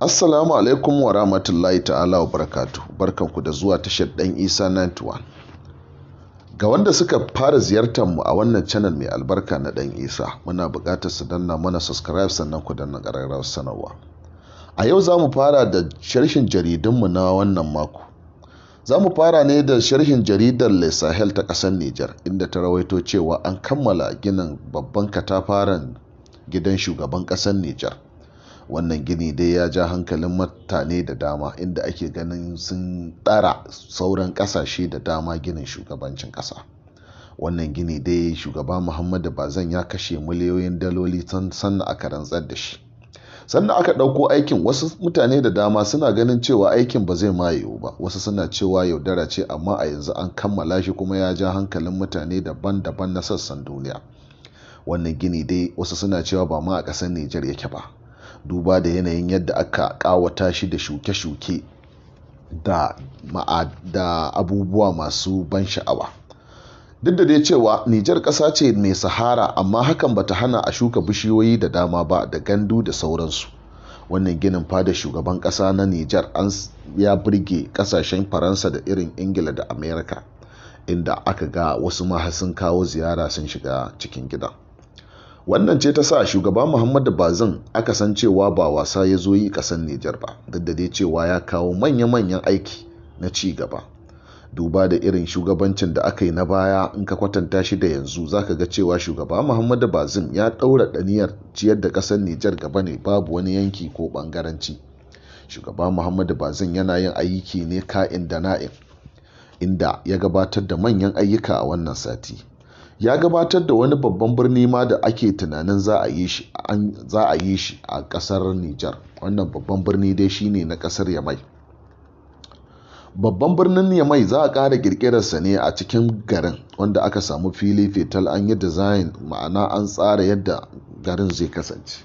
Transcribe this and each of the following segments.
Assalamu alaikum wa rahmatullahi ta'ala wa barakatuh. Barkanku da zuwa tashar Dan Isa 91. Ga wanda suka fara ziyartar mu a wannan channel mai albarka na Dan Isa, muna buƙatar su danna mana subscribe sannan ku danna ƙararrawar sanarwa. A yau za mu fara da sharhin jaridunmu na wannan mako. Za mu fara ne da sharhin jaridar Le Sahel ta ƙasar Nijar, inda ta rawaito cewa an kammala ginin babban katafaren gidan shugaban ƙasar Nijar. wannan gini dai ya ja hankalin mutane da dama inda ake ganin sun ɗara sauran ƙasashe da dama ginin shugabancin ƙasa wannan gini dai shugaba muhammadu bazan ya kashe miliyoyin daloli san sannan aka rantsar da shi sannan aka ɗauko aikin wasu mutane da dama suna ganin cewa aikin ba zai mayewu ba wasu suna cewa yaudara ce amma a yanzu an kammala shi kuma ya ja hankalin mutane daban-daban na sassan duniya wannan gini dai wasu suna cewa ba ma a ƙasar nijar yake ba duba da yanayin yadda aka ƙawata shi da shuke-shuke da ma'ada abubuwa masu ban sha'awa duk da dai cewa nijar ƙasa ce mai sahara amma hakan bata hana a shuka bishiyoyi da dama ba da gandu da sauransu wannan ginin fada shugaban ƙasa na nijar an ya birge ƙasashen faransa da irin ingila da amerika inda aka ga wasu mahasin kawo ziyara sun shiga cikin gida. wannan ce ta sa shugaba muhammadu bazin aka san cewa ba wasa ya zo yi kasan nijar ba duk da dai cewa ya kawo manya-manyan aiki na ci gaba duba da irin shugabancin da aka yi na baya in ka kwatanta shi da yanzu za ka ga cewa shugaba muhammadu bazin ya ɗaura ɗaniyar ciyar da ƙasar nijar gaba ne babu wani yanki ko ɓangaranci shugaba muhammadu bazin yana yin aiki ne ka'in da na'in inda ya gabatar da manyan ayyuka a wannan sati ya gabatar da wani babban birni ma da ake tunanin za a yi shi a ƙasar Nijar wannan babban birni dai shine na ƙasar Yamai babban birnin Yamai za a ƙara ƙirƙirarsa ne a cikin garin wanda aka samu fili fetal an yi design ma'ana an tsara yadda garin zai kasance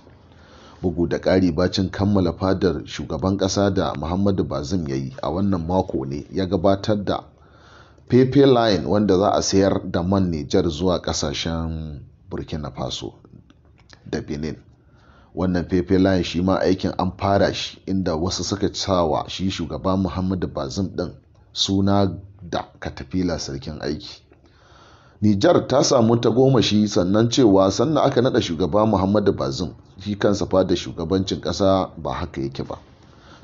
bugu da ƙari bacin kammala fadar shugaban ƙasa da muhammadu bazum ya yi a wannan mako ne ya gabatar da Pepe Line wanda za a sayar da man Nijar zuwa kasashen Burkina Faso da Benin. Wannan Pepe Line shi ma aikin an fara shi inda wasu suka cawa shi shugaba Muhammadu bazin din suna da katafila sarkin aiki. Nijar ta samu ta goma shi sannan cewa sannan aka naɗa shugaba Muhammadu bazin shi kansa fada shugabancin ƙasa ba haka yake ba.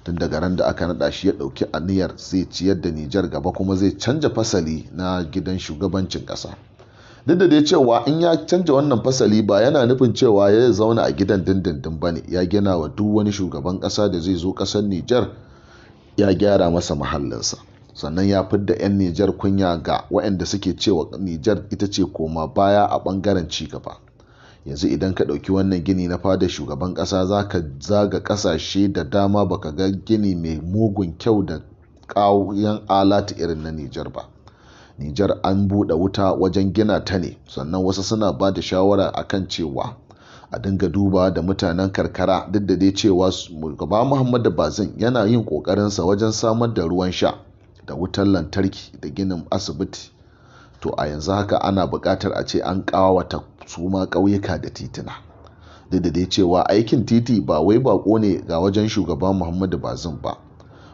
tun daga ran da aka nada shi ya dauki aniyar zai ciyar da Nijar gaba kuma zai canja fasali na gidan shugabancin kasa duk da dai cewa in ya canja wannan fasali ba yana nufin cewa ya zauna a gidan dindindin ba ne ya gina wa duk wani shugaban kasa da zai zo kasar Nijar ya gyara masa mahallinsa sannan ya fidda 'yan Nijar kunya ga waɗanda suke cewa Nijar ita ce koma baya a ɓangaren cigaba. yanzu idan ka ɗauki wannan gini na fada shugaban ƙasa za ka zaga ƙasashe da dama baka ga gini mai mugun kyau da ƙauyen alatu irin na nijar ba nijar an buɗe wuta wajen gina ta ne sannan wasu suna ba da shawara a kan cewa a dinga duba da mutanen karkara duk da dai cewa gaba muhammadu bazin yana yin ƙoƙarinsa wajen samar da ruwan sha da wutar lantarki da ginin asibiti to a yanzu haka ana buƙatar a ce an ƙawata su ma ƙauyuka da tituna duk da dai cewa aikin titi ba wai bako ne ga wajen shugaba muhammadu bazin ba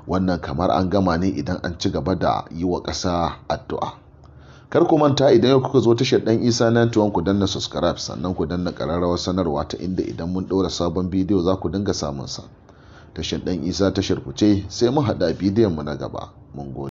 wannan kamar an gama ne idan an ci gaba da yi wa ƙasa addu'a kar ku manta idan yau kuka zo tashar ɗan isa nan tuwon ku danna subscribe sannan ku danna ƙararrawar sanarwa ta inda idan mun ɗora sabon bidiyo za ku dinga samun sa tashar ɗan isa tashar ku ce sai mu haɗa bidiyon mu na gaba mun gode